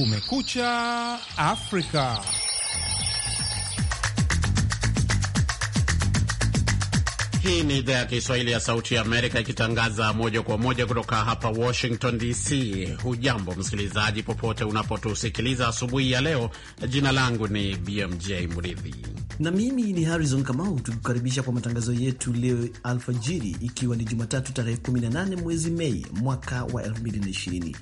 Kumekucha Afrika. Hii ni idhaa ya Kiswahili ya Sauti ya Amerika ikitangaza moja kwa moja kutoka hapa Washington DC. Hujambo msikilizaji, popote unapotusikiliza asubuhi ya leo. Jina langu ni BMJ Mridhi na mimi ni Harrison Kamau, tukikukaribisha kwa matangazo yetu leo alfajiri, ikiwa ni Jumatatu tarehe 18 mwezi Mei mwaka wa 2020.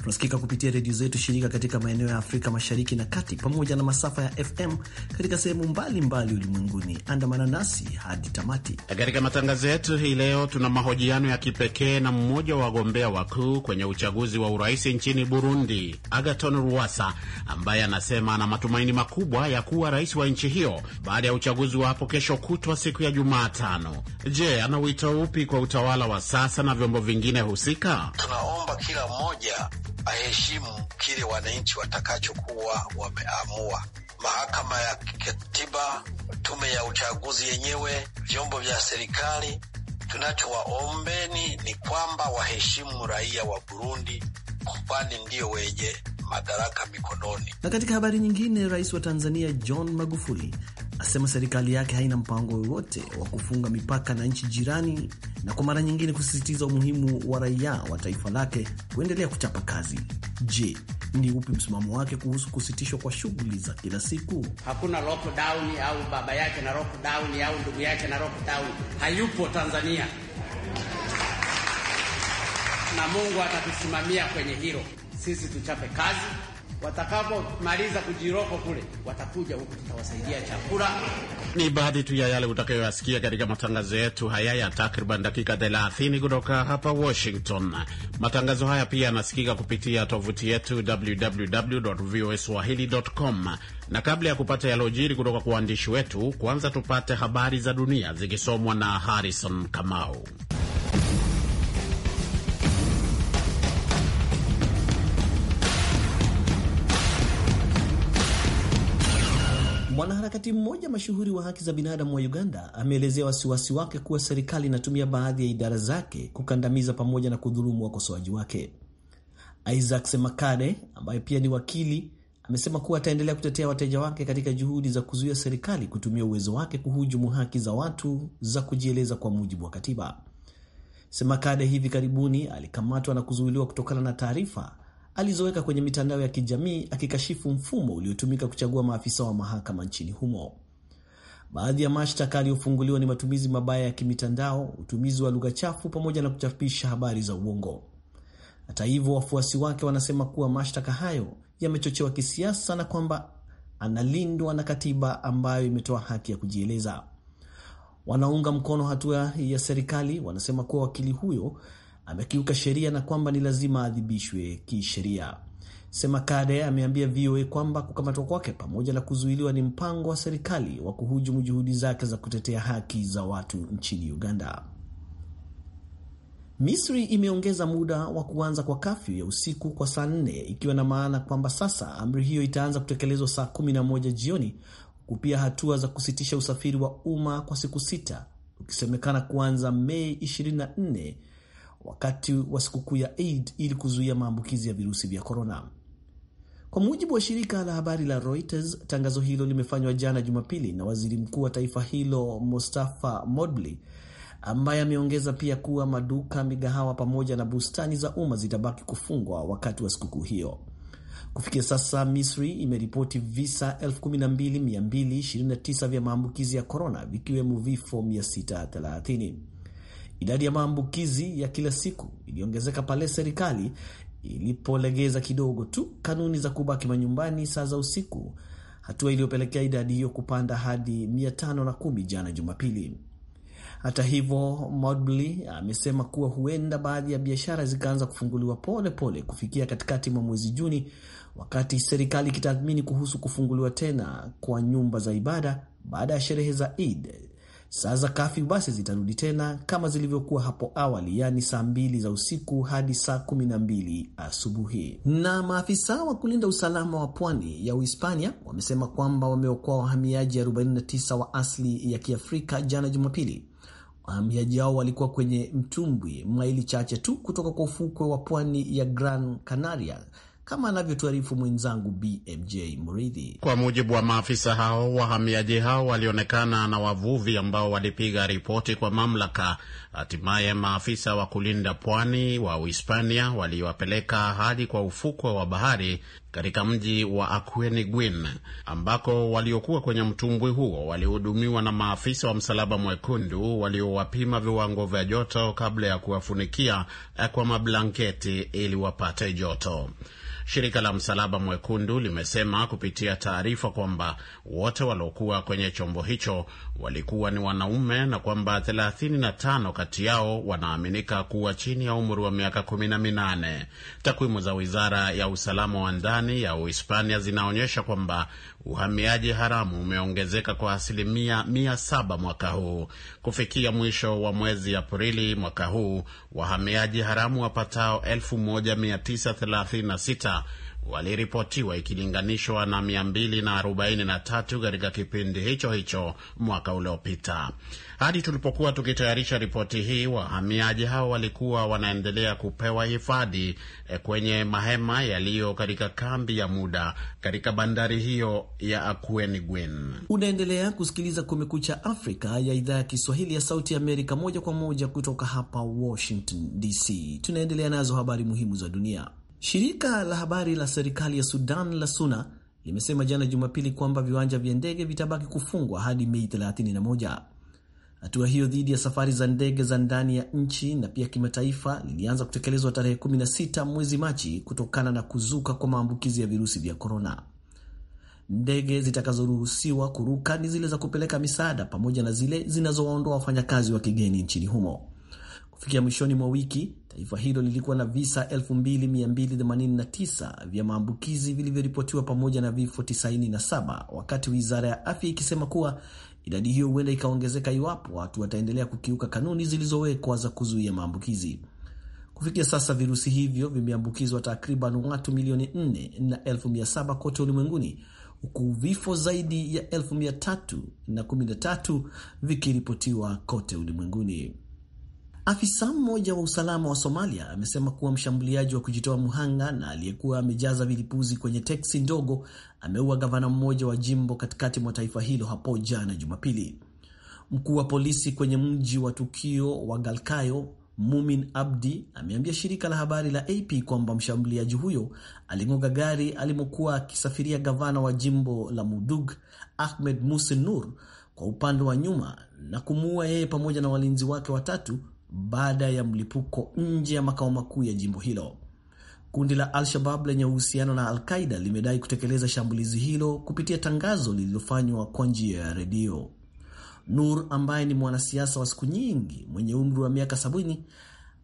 Tunasikika kupitia redio zetu shirika katika maeneo ya Afrika Mashariki na Kati, pamoja na masafa ya FM katika sehemu mbalimbali ulimwenguni. Andamana nasi hadi tamati katika matangazo yetu hii leo. Tuna mahojiano ya kipekee na mmoja wa wagombea wakuu kwenye uchaguzi wa urais nchini Burundi, Agaton Ruasa, ambaye anasema ana matumaini makubwa ya kuwa rais wa nchi hiyo baada ya uchaguzi wa hapo kesho kutwa, siku ya Jumatano. Je, ana wito upi kwa utawala wa sasa na vyombo vingine husika? Tunaomba kila mmoja aheshimu kile wananchi watakachokuwa wameamua. Mahakama ya Katiba, tume ya uchaguzi yenyewe, vyombo vya serikali, tunachowaombeni ni kwamba waheshimu raia wa Burundi kwani ndio wenye madaraka mikononi. Na katika habari nyingine, rais wa Tanzania John Magufuli asema serikali yake haina mpango wowote wa kufunga mipaka na nchi jirani, na kwa mara nyingine kusisitiza umuhimu wa raia wa taifa lake kuendelea kuchapa kazi. Je, ni upi msimamo wake kuhusu kusitishwa kwa shughuli za kila siku? Hakuna lockdown au baba yake na lockdown au ndugu yake na lockdown, hayupo Tanzania na Mungu atatusimamia kwenye hilo. Sisi tuchape kazi, watakapomaliza kujiroko kule watakuja huku, tutawasaidia chakula. Ni baadhi tu ya yale utakayoyasikia katika matangazo yetu haya ya takriban dakika 30 kutoka hapa Washington. Matangazo haya pia yanasikika kupitia tovuti yetu www.voaswahili.com, na kabla ya kupata yalojiri kutoka kwa waandishi wetu, kwanza tupate habari za dunia zikisomwa na Harrison Kamau. Mwanaharakati mmoja mashuhuri wa haki za binadamu wa Uganda ameelezea wasiwasi wake kuwa serikali inatumia baadhi ya idara zake kukandamiza pamoja na kudhulumu wakosoaji wake. Isaac Semakane ambaye pia ni wakili amesema kuwa ataendelea kutetea wateja wake katika juhudi za kuzuia serikali kutumia uwezo wake kuhujumu haki za watu za kujieleza kwa mujibu wa katiba. Semakade hivi karibuni alikamatwa na kuzuiliwa kutokana na taarifa alizoweka kwenye mitandao ya kijamii akikashifu mfumo uliotumika kuchagua maafisa wa mahakama nchini humo. Baadhi ya mashtaka aliyofunguliwa ni matumizi mabaya ya kimitandao, utumizi wa lugha chafu, pamoja na kuchapisha habari za uongo. Hata hivyo, wafuasi wake wanasema kuwa mashtaka hayo yamechochewa kisiasa na kwamba analindwa na katiba ambayo imetoa haki ya kujieleza. Wanaunga mkono hatua ya serikali wanasema kuwa wakili huyo amekiuka sheria na kwamba ni lazima aadhibishwe kisheria. Semakade ameambia VOA kwamba kukamatwa kwake pamoja na kuzuiliwa ni mpango wa serikali wa kuhujumu juhudi zake za kutetea haki za watu nchini Uganda. Misri imeongeza muda wa kuanza kwa kafyu ya usiku kwa saa nne ikiwa na maana kwamba sasa amri hiyo itaanza kutekelezwa saa moja jioni, huku pia hatua za kusitisha usafiri wa umma kwa siku sita ukisemekana kuanza Mei 24 wakati wa sikukuu ya Eid ili kuzuia maambukizi ya virusi vya korona. Kwa mujibu wa shirika la habari la Reuters, tangazo hilo limefanywa jana Jumapili na waziri mkuu wa taifa hilo Mustafa Modly, ambaye ameongeza pia kuwa maduka, migahawa pamoja na bustani za umma zitabaki kufungwa wakati wa sikukuu hiyo. Kufikia sasa Misri imeripoti visa 12229 vya maambukizi ya korona, vikiwemo vifo 630. Idadi ya maambukizi ya kila siku iliongezeka pale serikali ilipolegeza kidogo tu kanuni za kubaki manyumbani saa za usiku, hatua iliyopelekea idadi hiyo kupanda hadi 510 jana Jumapili. Hata hivyo, Modbley amesema kuwa huenda baadhi ya biashara zikaanza kufunguliwa pole pole kufikia katikati mwa mwezi Juni, wakati serikali ikitathmini kuhusu kufunguliwa tena kwa nyumba za ibada baada ya sherehe za Eid Saa za kafyu basi zitarudi tena kama zilivyokuwa hapo awali, yaani saa mbili za usiku hadi saa kumi na mbili asubuhi. Na maafisa wa kulinda usalama wa pwani ya Uhispania wamesema kwamba wameokoa wahamiaji 49 wa asili ya Kiafrika jana Jumapili. Wahamiaji hao walikuwa kwenye mtumbwi maili chache tu kutoka kwa ufukwe wa pwani ya Gran Canaria kama anavyotuarifu mwenzangu BMJ Mridhi. Kwa mujibu wa maafisa hao, wahamiaji hao walionekana na wavuvi ambao walipiga ripoti kwa mamlaka. Hatimaye maafisa wa kulinda pwani wa Uhispania waliwapeleka hadi kwa ufukwe wa bahari katika mji wa Aquineguin ambako waliokuwa kwenye mtumbwi huo walihudumiwa na maafisa wa Msalaba Mwekundu waliowapima viwango vya joto kabla ya kuwafunikia kwa mablanketi ili wapate joto. Shirika la Msalaba Mwekundu limesema kupitia taarifa kwamba wote waliokuwa kwenye chombo hicho walikuwa ni wanaume na kwamba 35 kati yao wanaaminika kuwa chini ya umri wa miaka 18. Takwimu za Wizara ya Usalama wa Ndani ya Uhispania zinaonyesha kwamba uhamiaji haramu umeongezeka kwa asilimia 700 mwaka huu. Kufikia mwisho wa mwezi Aprili mwaka huu, wahamiaji haramu wapatao 1936 waliripotiwa ikilinganishwa na 243 katika kipindi hicho hicho mwaka uliopita. Hadi tulipokuwa tukitayarisha ripoti hii, wahamiaji hao walikuwa wanaendelea kupewa hifadhi eh, kwenye mahema yaliyo katika kambi ya muda katika bandari hiyo ya Akweni Unaendelea kusikiliza Kumekucha Afrika ya idhaa ya Kiswahili ya Sauti Amerika, moja kwa moja kutoka hapa Washington DC. Tunaendelea nazo habari muhimu za dunia. Shirika la habari la serikali ya Sudan la SUNA limesema jana Jumapili kwamba viwanja vya ndege vitabaki kufungwa hadi Mei 31. Hatua hiyo dhidi ya safari za ndege za ndani ya nchi na pia kimataifa lilianza kutekelezwa tarehe 16 mwezi Machi kutokana na kuzuka kwa maambukizi ya virusi vya korona. Ndege zitakazoruhusiwa kuruka ni zile za kupeleka misaada pamoja na zile zinazowaondoa wafanyakazi wa kigeni nchini humo. Kufikia mwishoni mwa wiki, taifa hilo lilikuwa na visa 2289 vya maambukizi vilivyoripotiwa pamoja na vifo 97, wakati wizara ya afya ikisema kuwa idadi hiyo huenda ikaongezeka iwapo watu wataendelea kukiuka kanuni zilizowekwa za kuzuia maambukizi. Kufikia sasa virusi hivyo vimeambukizwa takriban watu milioni 4 na 7 kote ulimwenguni huku vifo zaidi ya 313 na vikiripotiwa kote ulimwenguni. Afisa mmoja wa usalama wa Somalia amesema kuwa mshambuliaji wa kujitoa mhanga na aliyekuwa amejaza vilipuzi kwenye teksi ndogo ameua gavana mmoja wa jimbo katikati mwa taifa hilo hapo jana Jumapili. Mkuu wa polisi kwenye mji wa tukio wa Galkayo, Mumin Abdi, ameambia shirika la habari la AP kwamba mshambuliaji huyo aling'oga gari alimokuwa akisafiria gavana wa jimbo la Mudug, Ahmed Musse Nur, kwa upande wa nyuma na kumuua yeye pamoja na walinzi wake watatu baada ya mlipuko nje ya makao makuu ya jimbo hilo. Kundi la Al-Shabab lenye uhusiano na Al-Qaida limedai kutekeleza shambulizi hilo kupitia tangazo lililofanywa kwa njia ya redio. Nur ambaye ni mwanasiasa wa siku nyingi mwenye umri wa miaka sabini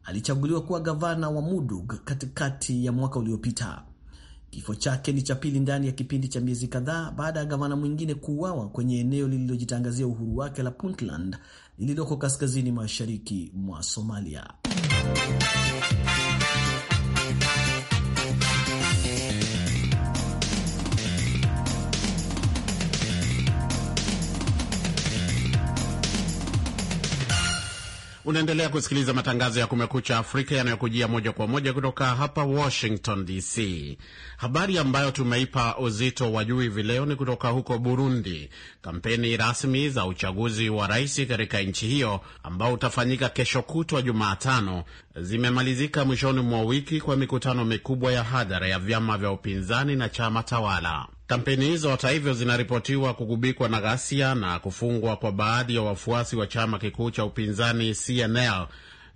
alichaguliwa kuwa gavana wa Mudug katikati ya mwaka uliopita. Kifo chake ni cha pili ndani ya kipindi cha miezi kadhaa baada ya gavana mwingine kuuawa kwenye eneo lililojitangazia uhuru wake la Puntland lililoko kaskazini mashariki mwa Somalia. Unaendelea kusikiliza matangazo ya Kumekucha Afrika yanayokujia moja kwa moja kutoka hapa Washington DC. Habari ambayo tumeipa uzito wa juu hivi leo ni kutoka huko Burundi. Kampeni rasmi za uchaguzi wa rais katika nchi hiyo ambao utafanyika kesho kutwa Jumatano zimemalizika mwishoni mwa wiki kwa mikutano mikubwa ya hadhara ya vyama vya upinzani na chama tawala. Kampeni hizo hata hivyo zinaripotiwa kugubikwa na ghasia na kufungwa kwa baadhi ya wafuasi wa chama kikuu cha upinzani CNL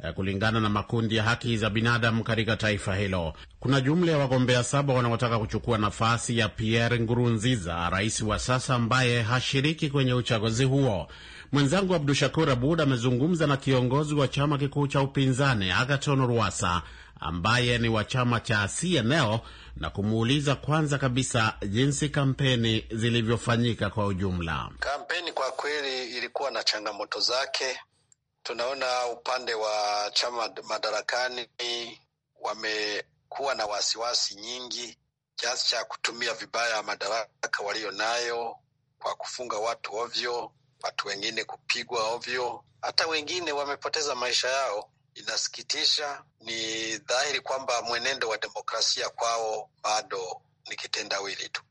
Eh, kulingana na makundi ya haki za binadamu katika taifa hilo. Kuna jumla ya wagombea saba wanaotaka kuchukua nafasi ya Pierre Ngurunziza, rais wa sasa ambaye hashiriki kwenye uchaguzi huo. Mwenzangu Abdu Shakur Abud amezungumza na kiongozi wa chama kikuu cha upinzani Agaton Rwasa ambaye ni wa chama cha CNL na kumuuliza kwanza kabisa jinsi kampeni zilivyofanyika kwa ujumla. Kampeni kwa kweli ilikuwa na changamoto zake, Tunaona upande wa chama madarakani wamekuwa na wasiwasi nyingi kiasi cha kutumia vibaya madaraka walio nayo kwa kufunga watu ovyo, watu wengine kupigwa ovyo, hata wengine wamepoteza maisha yao. Inasikitisha. Ni dhahiri kwamba mwenendo wa demokrasia kwao bado ni kitendawili tu.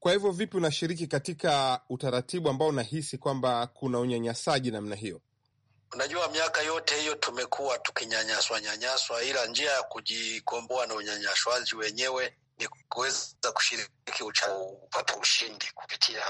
Kwa hivyo, vipi unashiriki katika utaratibu ambao unahisi kwamba kuna unyanyasaji namna hiyo? Unajua, miaka yote hiyo tumekuwa tukinyanyaswa nyanyaswa, ila njia ya kujikomboa na unyanyaswaji wenyewe ni kuweza kushiriki upate ushindi kupitia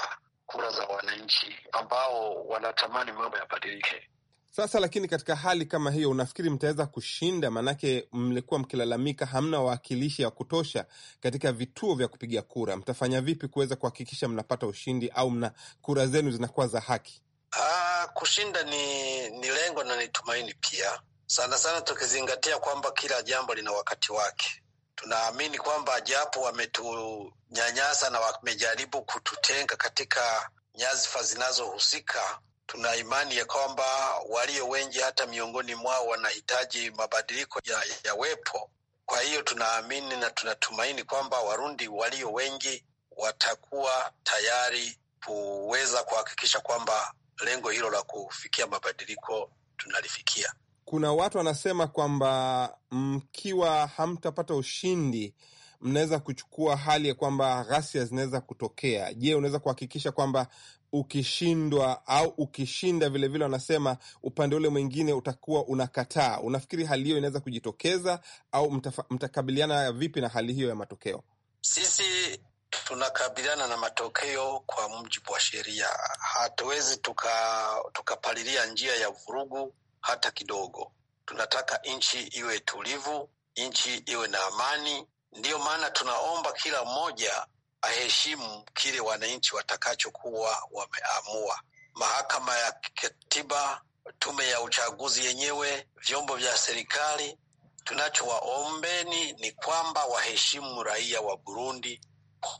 kura za wananchi ambao wanatamani mambo yabadilike. Sasa lakini, katika hali kama hiyo, unafikiri mtaweza kushinda? Maanake mlikuwa mkilalamika hamna wawakilishi ya kutosha katika vituo vya kupiga kura. Mtafanya vipi kuweza kuhakikisha mnapata ushindi au mna kura zenu zinakuwa za haki? kushinda ni, ni lengo na ni tumaini pia, sana sana tukizingatia kwamba kila jambo lina wakati wake. Tunaamini kwamba japo wametunyanyasa na wamejaribu kututenga katika nyadhifa zinazohusika, tuna imani ya kwamba walio wengi hata miongoni mwao wanahitaji mabadiliko ya, ya wepo. Kwa hiyo tunaamini na tunatumaini kwamba Warundi walio wengi watakuwa tayari kuweza kuhakikisha kwamba lengo hilo la kufikia mabadiliko tunalifikia. Kuna watu wanasema kwamba mkiwa hamtapata ushindi mnaweza kuchukua hali ya kwamba ghasia zinaweza kutokea. Je, unaweza kuhakikisha kwamba ukishindwa au ukishinda vilevile, wanasema vile upande ule mwingine utakuwa unakataa? Unafikiri hali hiyo inaweza kujitokeza au mtakabiliana vipi na hali hiyo ya matokeo? Sisi tunakabiliana na matokeo kwa mujibu wa sheria. Hatuwezi tukapalilia tuka njia ya vurugu hata kidogo. Tunataka nchi iwe tulivu, nchi iwe na amani. Ndiyo maana tunaomba kila mmoja aheshimu kile wananchi watakachokuwa wameamua. Mahakama ya Katiba, tume ya uchaguzi yenyewe, vyombo vya serikali, tunachowaombeni ni kwamba waheshimu raia wa Burundi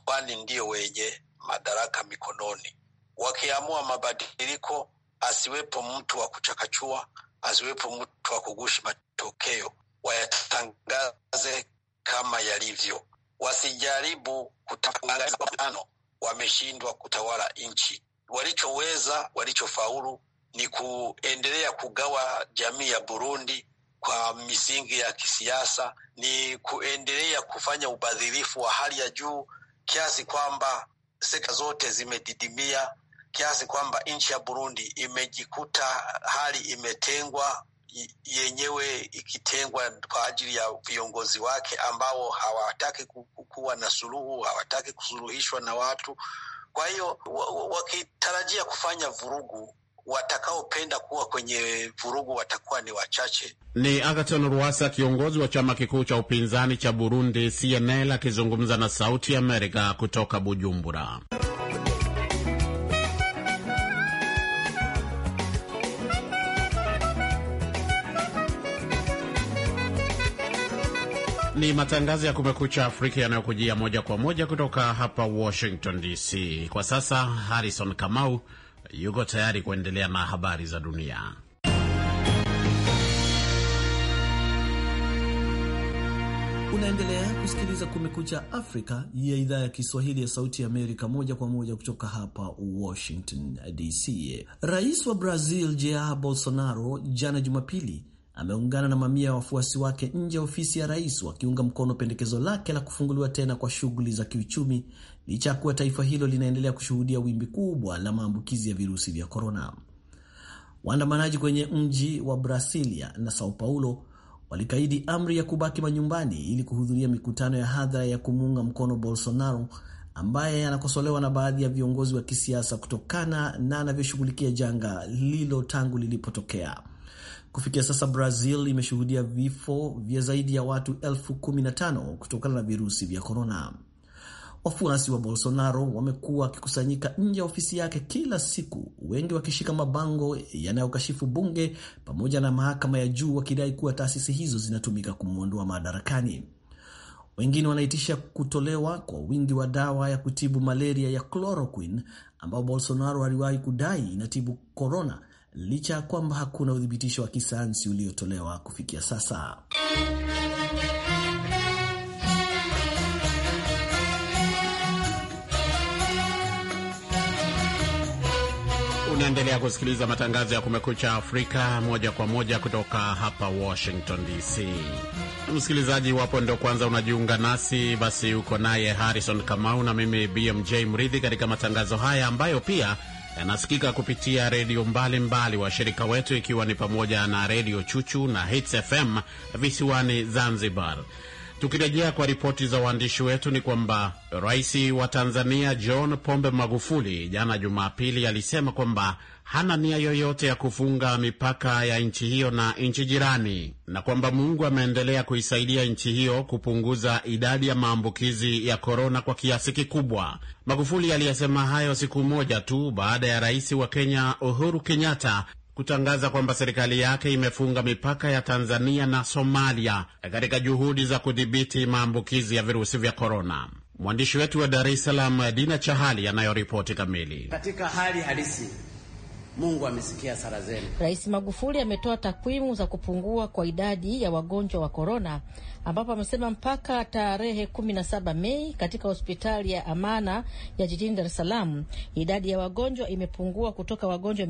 kwani ndiyo wenye madaraka mikononi. Wakiamua mabadiliko, asiwepo mtu wa kuchakachua, asiwepo mtu wa kugushi matokeo, wayatangaze kama yalivyo, wasijaribu kutangaza Wameshindwa kutawala nchi, walichoweza walichofaulu ni kuendelea kugawa jamii ya Burundi kwa misingi ya kisiasa, ni kuendelea kufanya ubadhirifu wa hali ya juu kiasi kwamba sekta zote zimedidimia, kiasi kwamba nchi ya Burundi imejikuta hali imetengwa yenyewe ikitengwa kwa ajili ya viongozi wake ambao hawataki kuwa na suluhu, hawataki kusuluhishwa na watu. Kwa hiyo wakitarajia kufanya vurugu watakaopenda kuwa kwenye vurugu watakuwa ni wachache. Ni Agaton Ruasa, kiongozi wa chama kikuu cha upinzani cha Burundi CNL, akizungumza na Sauti Amerika kutoka Bujumbura. Ni matangazo ya Kumekucha Afrika yanayokujia moja kwa moja kutoka hapa Washington DC. Kwa sasa, Harrison Kamau yuko tayari kuendelea na habari za dunia. Unaendelea kusikiliza Kumekucha Afrika ya idhaa ya Kiswahili ya Sauti ya Amerika, moja kwa moja kutoka hapa Washington DC. Rais wa Brazil Jair Bolsonaro jana Jumapili ameungana na mamia ya wafuasi wake nje ya ofisi ya rais wakiunga mkono pendekezo lake la kufunguliwa tena kwa shughuli za kiuchumi licha ya kuwa taifa hilo linaendelea kushuhudia wimbi kubwa la maambukizi ya virusi vya korona. Waandamanaji kwenye mji wa Brasilia na Sao Paulo walikaidi amri ya kubaki manyumbani ili kuhudhuria mikutano ya hadhara ya kumuunga mkono Bolsonaro ambaye anakosolewa na baadhi ya viongozi wa kisiasa kutokana na anavyoshughulikia janga lilo tangu lilipotokea. Kufikia sasa Brazil imeshuhudia vifo vya zaidi ya watu elfu kumi na tano kutokana na virusi vya korona. Wafuasi wa Bolsonaro wamekuwa wakikusanyika nje ya ofisi yake kila siku, wengi wakishika mabango yanayokashifu bunge pamoja na mahakama ya juu, wakidai kuwa taasisi hizo zinatumika kumwondoa madarakani. Wengine wanaitisha kutolewa kwa wingi wa dawa ya kutibu malaria ya chloroquine ambayo Bolsonaro aliwahi kudai inatibu korona, licha ya kwamba hakuna uthibitisho wa kisayansi uliotolewa kufikia sasa. Unaendelea kusikiliza matangazo ya Kumekucha Afrika moja kwa moja kutoka hapa Washington DC. Msikilizaji wapo ndo kwanza unajiunga nasi, basi uko naye Harrison Kamau na mimi BMJ Mridhi katika matangazo haya ambayo pia yanasikika kupitia redio mbalimbali washirika wetu, ikiwa ni pamoja na Redio Chuchu na Hits FM visiwani Zanzibar. Tukirejea kwa ripoti za waandishi wetu ni kwamba rais wa Tanzania John Pombe Magufuli jana Jumapili alisema kwamba hana nia yoyote ya kufunga mipaka ya nchi hiyo na nchi jirani na kwamba Mungu ameendelea kuisaidia nchi hiyo kupunguza idadi ya maambukizi ya korona kwa kiasi kikubwa. Magufuli aliyesema hayo siku moja tu baada ya rais wa Kenya Uhuru Kenyatta kutangaza kwamba serikali yake imefunga mipaka ya Tanzania na Somalia katika juhudi za kudhibiti maambukizi ya virusi vya korona. Mwandishi wetu wa Dar es Salaam, Dina Chahali, anayoripoti kamili. Katika hali halisi Mungu amesikia sala zenu. Rais Magufuli ametoa takwimu za kupungua kwa idadi ya wagonjwa wa korona, ambapo amesema mpaka tarehe 17 Mei katika hospitali ya Amana ya jijini Dar es Salaam idadi ya wagonjwa imepungua kutoka wagonjwa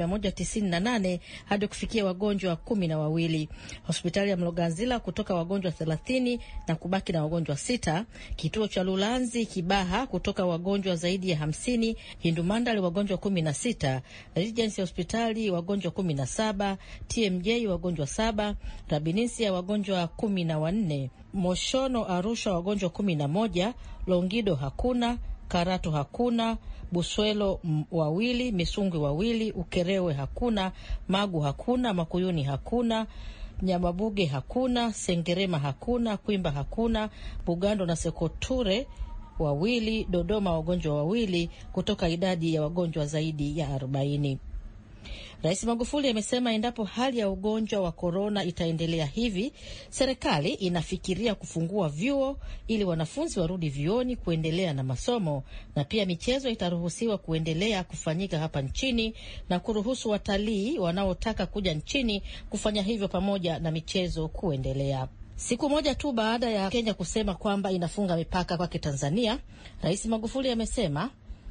nane hadi kufikia wagonjwa kumi na wawili, hospitali ya Mloganzila kutoka wagonjwa 30 na kubaki na wagonjwa sita, kituo cha Lulanzi Kibaha kutoka wagonjwa zaidi ya 50, Hindumandali wagonjwa 16, Regency hospitali wagonjwa kumi na saba, TMJ wagonjwa saba, Rabinisia wagonjwa kumi na wanne, Moshono Arusha wagonjwa kumi na moja, Longido hakuna, Karatu hakuna, Buswelo wawili, Misungwi wawili, Ukerewe hakuna, Magu hakuna, Makuyuni hakuna Nyamabuge hakuna, Sengerema hakuna, Kwimba hakuna, Bugando na Sekoture wawili, Dodoma wagonjwa wawili kutoka idadi ya wagonjwa zaidi ya arobaini. Rais Magufuli amesema endapo hali ya ugonjwa wa korona itaendelea hivi, serikali inafikiria kufungua vyuo ili wanafunzi warudi vyuoni kuendelea na masomo, na pia michezo itaruhusiwa kuendelea kufanyika hapa nchini na kuruhusu watalii wanaotaka kuja nchini kufanya hivyo pamoja na michezo kuendelea. Siku moja tu baada ya Kenya kusema kwamba inafunga mipaka kwake Tanzania, Rais Magufuli amesema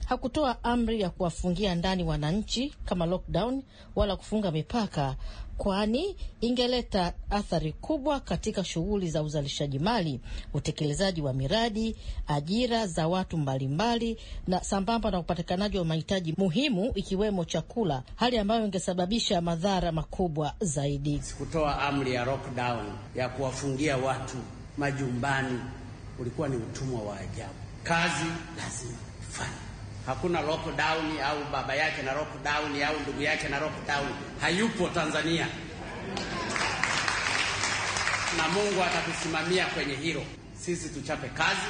hakutoa amri ya kuwafungia ndani wananchi kama lockdown wala kufunga mipaka, kwani ingeleta athari kubwa katika shughuli za uzalishaji mali, utekelezaji wa miradi, ajira za watu mbalimbali, na sambamba na upatikanaji wa mahitaji muhimu ikiwemo chakula, hali ambayo ingesababisha madhara makubwa zaidi. Sikutoa amri ya lockdown ya kuwafungia watu majumbani, ulikuwa ni utumwa wa ajabu. Kazi lazima fanya Hakuna lockdown au baba yake na lockdown au ndugu yake na lockdown, hayupo Tanzania, na Mungu atatusimamia kwenye hilo. Sisi tuchape kazi,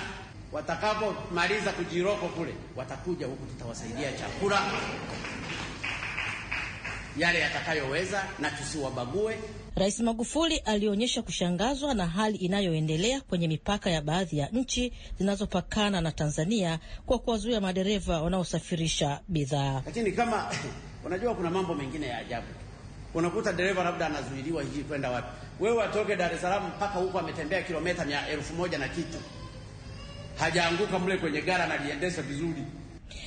watakapomaliza kujiroko kule watakuja huku, tutawasaidia chakula yale yatakayoweza na tusiwabague. Rais Magufuli alionyesha kushangazwa na hali inayoendelea kwenye mipaka ya baadhi ya nchi zinazopakana na Tanzania kwa kuwazuia madereva wanaosafirisha bidhaa. Lakini kama unajua, kuna mambo mengine ya ajabu. Unakuta dereva labda anazuiliwa hivi kwenda wapi, wewe atoke Dar es Salaam mpaka huko, ametembea kilometa mia elfu moja na kitu, hajaanguka mle kwenye gara, analiendesha vizuri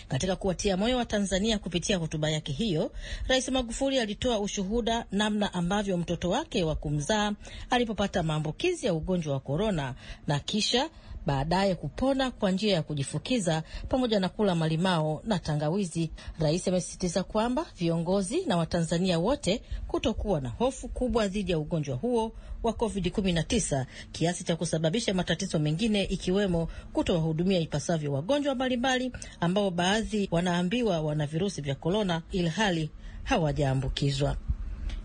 katika kuwatia moyo wa Tanzania kupitia hotuba yake hiyo, Rais Magufuli alitoa ushuhuda namna ambavyo mtoto wake wa kumzaa alipopata maambukizi ya ugonjwa wa korona na kisha baadaye kupona kwa njia ya kujifukiza pamoja na kula malimao na tangawizi. Rais amesisitiza kwamba viongozi na Watanzania wote kutokuwa na hofu kubwa dhidi ya ugonjwa huo wa COVID-19 kiasi cha kusababisha matatizo mengine ikiwemo kutowahudumia ipasavyo wagonjwa mbalimbali ambao baadhi wanaambiwa wana virusi vya korona ilhali hawajaambukizwa.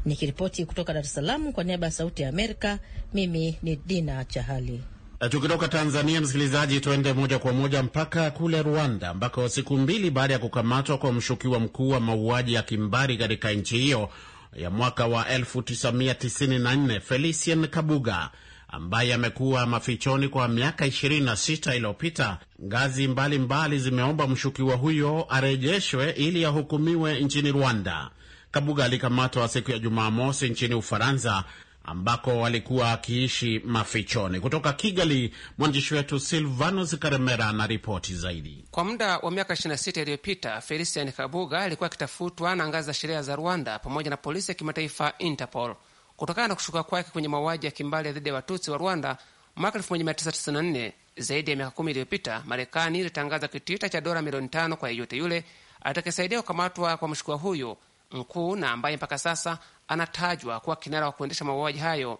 Nikiripoti kutoka Dar es Salaam kwa niaba ya Sauti ya Amerika, mimi ni Dina Chahali. Eh, tukitoka Tanzania, msikilizaji, tuende moja kwa moja mpaka kule Rwanda, ambako siku mbili baada ya kukamatwa kwa mshukiwa mkuu wa mauaji ya kimbari katika nchi hiyo ya mwaka wa 1994 Felicien Kabuga ambaye amekuwa mafichoni kwa miaka 26 iliyopita, ngazi mbalimbali zimeomba mshukiwa huyo arejeshwe ili ahukumiwe nchini Rwanda. Kabuga alikamatwa siku ya Jumamosi nchini Ufaransa ambako walikuwa wakiishi mafichoni. Kutoka Kigali, mwandishi wetu Silvanus Karemera ana ripoti zaidi. Kwa muda wa miaka 26 iliyopita, Felician Kabuga alikuwa akitafutwa na ngazi za sheria za Rwanda pamoja na polisi ya kimataifa Interpol kutokana na kushuka kwake kwenye mauaji ya kimbali dhidi ya Watutsi wa Rwanda mwaka 1994. Zaidi ya miaka kumi iliyopita, Marekani ilitangaza kitita cha dola milioni tano kwa yeyote yule atakayesaidia kukamatwa kwa mshukiwa huyo mkuu na ambaye mpaka sasa anatajwa kuwa kinara wa kuendesha mauaji hayo.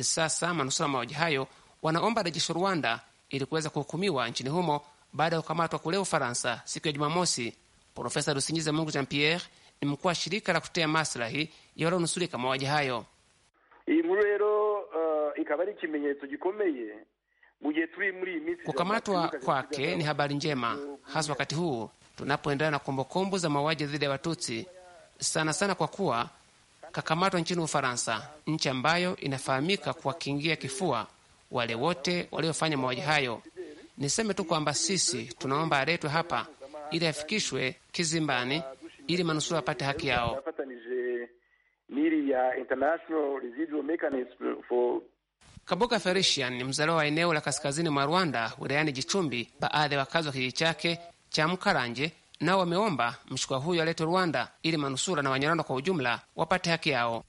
Sasa manusura mauaji hayo wanaomba rejesho Rwanda ili kuweza kuhukumiwa nchini humo baada ya kukamatwa kule Ufaransa siku ya Jumamosi. Profesa Rusinyiza Mungu Jean Pierre ni mkuu wa shirika la kutetea maslahi ya walionusurika mauaji hayo. Uh, kukamatwa kwake ni habari njema, hasa wakati huu tunapoendelea na kombokombo za mauaji dhidi ya Watutsi, sana sana kwa kuwa kakamatwa nchini Ufaransa, nchi ambayo inafahamika kuwakingia kifua wale wote waliofanya mauaji hayo. Niseme tu kwamba sisi tunaomba aletwe hapa ili afikishwe kizimbani ili manusura apate haki yao. kabuka Felician ni mzaliwa wa eneo la kaskazini mwa Rwanda, wilayani Gichumbi. Baadhi ya wakazi wa kijiji chake cha Mkaranje nao wameomba mshukiwa huyo aletwe Rwanda ili manusura na Wanyarwanda kwa ujumla wapate haki yao.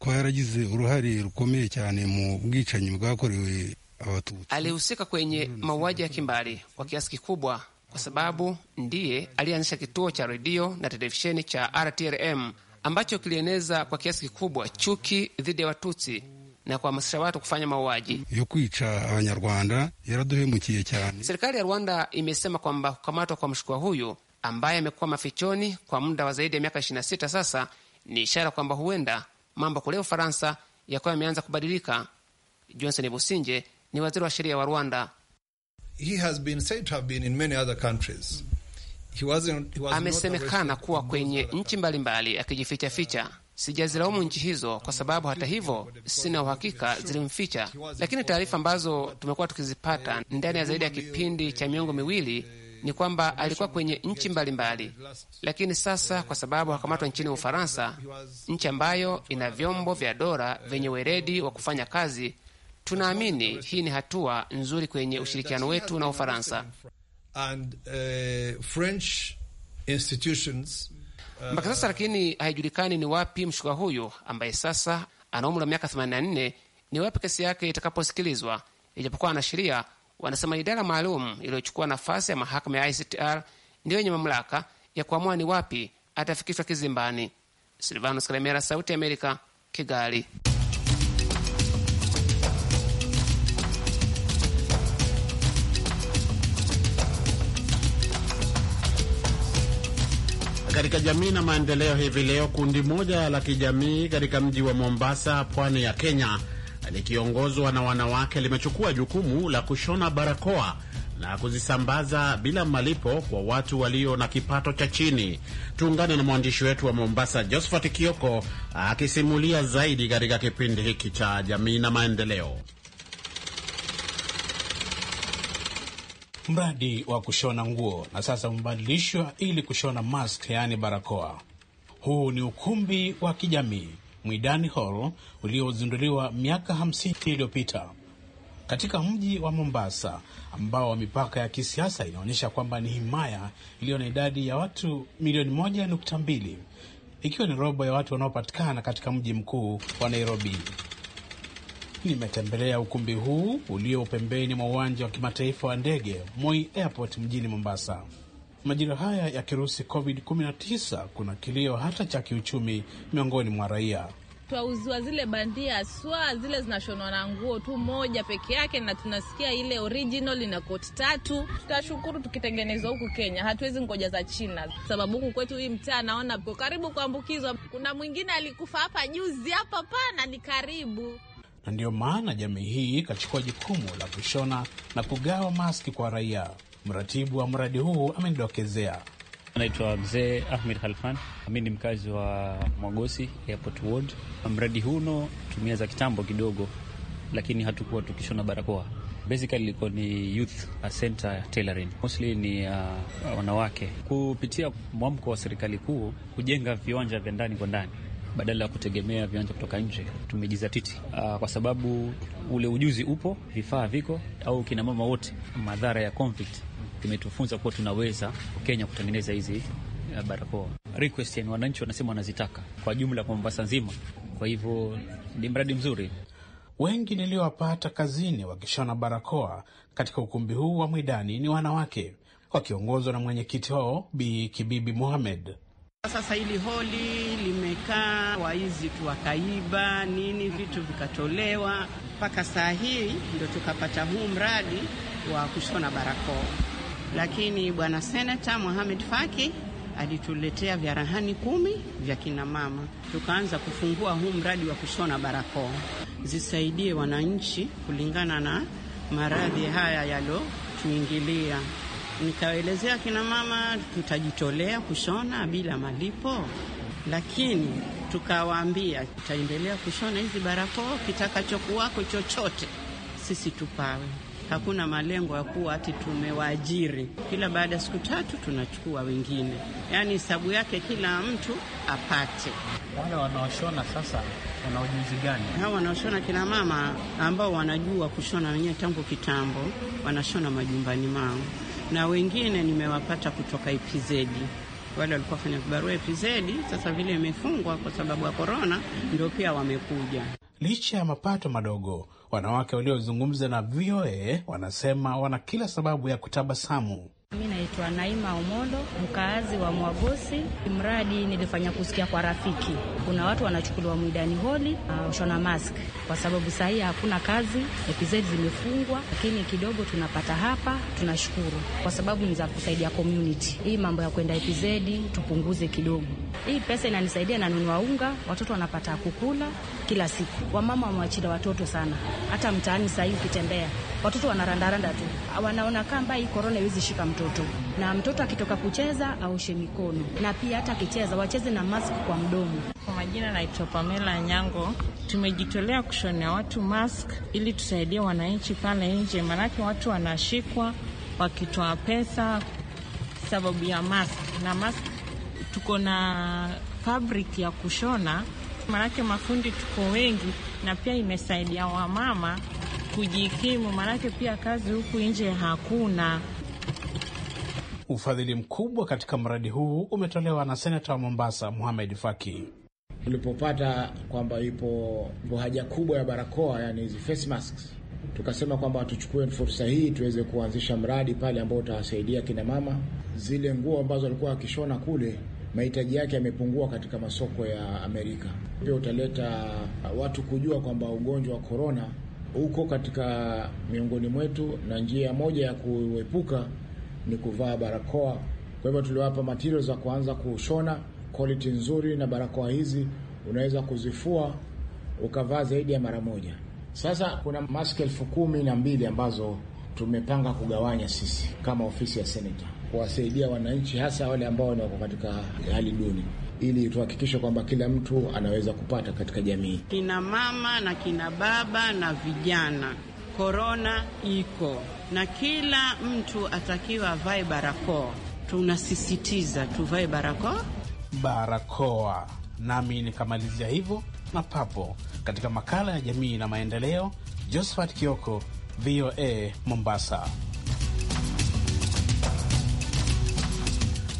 Alihusika kwenye mauaji ya kimbari kwa kiasi kikubwa kwa sababu ndiye aliyeanzisha kituo cha redio na televisheni cha RTRM ambacho kilieneza kwa kiasi kikubwa chuki dhidi ya Watutsi na kuhamasisha watu kufanya mauaji yo kwica abanyarwanda yaraduhemukiye cyane. Serikali ya Rwanda imesema kwamba kukamatwa kwa mshukiwa huyu ambaye amekuwa mafichoni kwa muda wa zaidi ya miaka 26 sasa, ni ishara kwamba huenda mambo kule Ufaransa yakawa yameanza kubadilika. Johnson Businje ni waziri wa sheria wa Rwanda. amesemekana kuwa kwenye nchi mbalimbali akijifichaficha. Sijazilaumu nchi hizo kwa sababu hata hivyo sina uhakika zilimficha, lakini taarifa ambazo tumekuwa tukizipata ndani ya zaidi ya kipindi cha miongo miwili ni kwamba alikuwa kwenye nchi mbalimbali, lakini sasa kwa sababu akamatwa nchini Ufaransa, nchi ambayo ina vyombo vya dola vyenye weledi wa kufanya kazi, tunaamini hii ni hatua nzuri kwenye ushirikiano wetu na Ufaransa. Uh, uh, Mpaka sasa lakini haijulikani ni wapi mshukiwa huyu ambaye sasa ana umri wa miaka 84 ni wapi kesi yake itakaposikilizwa, ijapokuwa anashiria wanasema idara maalum iliyochukua nafasi ya mahakama ya ICTR ndiyo yenye mamlaka ya kuamua ni wapi atafikishwa kizimbani. Silvanus Kalemera, Sauti ya Amerika, Kigali. Katika jamii na maendeleo, hivi leo kundi moja la kijamii katika mji wa Mombasa, pwani ya Kenya, likiongozwa na wanawake limechukua jukumu la kushona barakoa na kuzisambaza bila malipo kwa watu walio na kipato cha chini. Tuungane na mwandishi wetu wa Mombasa, Josephat Kioko, akisimulia zaidi katika kipindi hiki cha Jamii na Maendeleo. Mradi wa kushona nguo na sasa umebadilishwa ili kushona mask, yaani barakoa. Huu ni ukumbi wa kijamii Mwidani Hall uliozinduliwa miaka 50 iliyopita katika mji wa Mombasa ambao mipaka ya kisiasa inaonyesha kwamba ni himaya iliyo na idadi ya watu milioni moja nukta mbili ikiwa ni robo ya watu wanaopatikana katika mji mkuu wa Nairobi. Nimetembelea ukumbi huu ulio pembeni mwa uwanja wa kimataifa wa ndege Moi Airport mjini Mombasa. Majira haya ya kirusi COVID-19 kuna kilio hata cha kiuchumi miongoni mwa raia. Twauziwa zile bandia swa zile zinashonwa na nguo tu moja peke yake, na tunasikia ile original na koti tatu. Tutashukuru tukitengenezwa huku Kenya, hatuwezi ngoja za China sababu huku kwetu hii mtaa naona ko karibu kuambukizwa. Kuna mwingine alikufa hapa juzi hapa, pana ni karibu na ndiyo maana jamii hii ikachukua jukumu la kushona na kugawa maski kwa raia. Mratibu wa mradi huu amenidokezea. Naitwa Mzee Ahmed Halfan, mi ni mkazi wa Mwagosi Airport Ward. Mradi huno tumia za kitambo kidogo, lakini hatukuwa tukishona barakoa. Basically ilikuwa ni youth center tailoring, mostly ni uh, wanawake, kupitia mwamko wa serikali kuu kujenga viwanja vya ndani kwa ndani badala ya kutegemea viwanja kutoka nje, tumejizatiti uh, kwa sababu ule ujuzi upo, vifaa viko, au kinamama wote, madhara ya conflict kimetufunza kuwa tunaweza Kenya kutengeneza hizi eh, barakoa. Request yani, wananchi wanasema wanazitaka kwa jumla kwa Mombasa nzima, kwa hivyo ni mradi mzuri. Wengi niliowapata kazini wakishona barakoa katika ukumbi huu wa Mwidani ni wanawake wakiongozwa na mwenyekiti wao Bi Kibibi Mohamed. Sasa hili holi limekaa waizi tu wakaiba nini, vitu vikatolewa, mpaka saa hii ndo tukapata huu mradi wa kushona barakoa lakini bwana senata Mohamed Faki alituletea vyarahani kumi vya kinamama, tukaanza kufungua huu mradi wa kushona barakoa zisaidie wananchi kulingana na maradhi haya Nikaelezea kina kinamama tutajitolea kushona bila malipo, lakini tukawaambia tutaendelea kushona hizi barakoa, kitakachokuwako chochote sisi tupawe. Hakuna malengo ya kuwa ati tumewaajiri, kila baada ya siku tatu tunachukua wengine, yaani hesabu yake kila mtu apate. Wale wanaoshona sasa wana ujuzi gani? Hao wanaoshona kina mama ambao wanajua kushona wenyewe tangu kitambo, wanashona majumbani mao, na wengine nimewapata kutoka Ipizedi wale walikuwa fanya vibarua epizedi, sasa vile imefungwa kwa sababu ya korona, ndio pia wamekuja. Licha ya mapato madogo, Wanawake waliozungumza na VOA wanasema wana kila sababu ya kutabasamu naitwa Naima Omondo, mkaazi wa Mwagosi. Mradi nilifanya kusikia kwa rafiki, kuna watu wanachukuliwa mwidani holi ushona uh, mask, kwa sababu sahii hakuna kazi, EPZ zimefungwa, lakini kidogo tunapata hapa. Tunashukuru kwa sababu ni za kusaidia community. Hii mambo ya kwenda EPZ tupunguze kidogo. Hii pesa inanisaidia, nanunua unga, watoto wanapata kukula kila siku. Wamama wamewachila watoto sana, hata mtaani sahii ukitembea watoto wanarandaranda tu, wanaona kamba hii korona iwezi shika mtoto, na mtoto akitoka kucheza aoshe mikono, na pia hata akicheza wacheze na mask kwa mdomo. Kwa majina naitwa Pamela Nyango. Tumejitolea kushonea watu mask ili tusaidie wananchi pale nje, maanake watu wanashikwa wakitoa pesa sababu ya mask, na mask tuko na fabric ya kushona, maanake mafundi tuko wengi, na pia imesaidia wamama kujikimu, maanake pia kazi huku nje hakuna. Ufadhili mkubwa katika mradi huu umetolewa na seneta wa Mombasa Muhamed Faki. Tulipopata kwamba ipo haja kubwa ya barakoa, yani hizi face masks, tukasema kwamba tuchukue fursa hii tuweze kuanzisha mradi pale ambao utawasaidia kina mama. Zile nguo ambazo walikuwa wakishona kule, mahitaji yake yamepungua katika masoko ya Amerika. Pia utaleta watu kujua kwamba ugonjwa wa korona huko katika miongoni mwetu, na njia moja ya kuepuka ni kuvaa barakoa. Kwa hivyo tuliwapa matirio za kuanza kushona quality nzuri, na barakoa hizi unaweza kuzifua ukavaa zaidi ya mara moja. Sasa kuna mask elfu kumi na mbili ambazo tumepanga kugawanya sisi kama ofisi ya seneta kuwasaidia wananchi, hasa wale ambao wako katika hali duni ili tuhakikishe kwamba kila mtu anaweza kupata katika jamii, kina mama na kina baba na vijana. Korona iko na kila mtu atakiwa avae barakoa. Tunasisitiza tuvae barakoa, barakoa. Nami nikamalizia hivyo na papo katika makala ya jamii na maendeleo. Josephat Kioko, VOA Mombasa.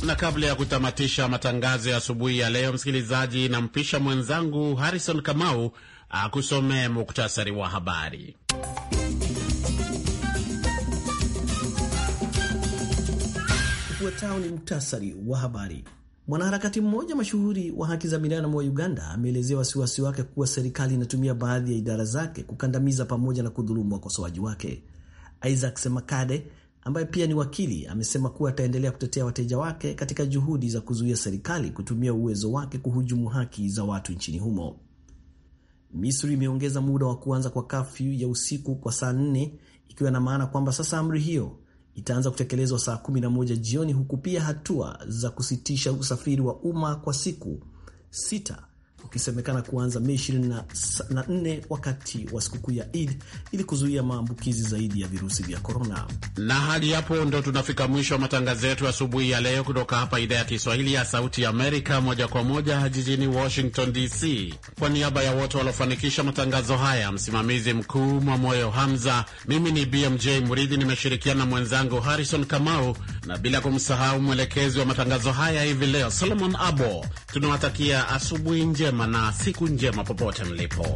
Na kabla ya kutamatisha matangazo ya asubuhi ya leo, msikilizaji, nampisha mwenzangu Harrison Kamau akusomee muktasari wa habari. Ufuatao ni muktasari wa habari. Mwanaharakati mmoja mashuhuri wa haki za binadamu wa Uganda ameelezea wasiwasi wake kuwa serikali inatumia baadhi ya idara zake kukandamiza pamoja na kudhulumu wakosoaji wake. Isaac Semakade ambaye pia ni wakili, amesema kuwa ataendelea kutetea wateja wake katika juhudi za kuzuia serikali kutumia uwezo wake kuhujumu haki za watu nchini humo. Misri imeongeza muda wa kuanza kwa kafyu ya usiku kwa saa nne, ikiwa na maana kwamba sasa amri hiyo itaanza kutekelezwa saa 11 jioni, huku pia hatua za kusitisha usafiri wa umma kwa siku sita ukisemekana kuanza Mei 24 wakati wa sikukuu ya Id ili kuzuia maambukizi zaidi ya virusi vya korona. Na hadi hapo ndo tunafika mwisho wa matangazo yetu asubuhi ya leo kutoka hapa idhaa ya Kiswahili ya Sauti ya Amerika, moja kwa moja jijini Washington DC. Kwa niaba ya wote waliofanikisha matangazo haya, msimamizi mkuu Mwamoyo Hamza, mimi ni BMJ Mridhi, nimeshirikiana na mwenzangu Harrison Kamau na bila kumsahau mwelekezi wa matangazo haya hivi leo Solomon Abo. Tunawatakia asubuhi njema njema na siku njema popote mlipo.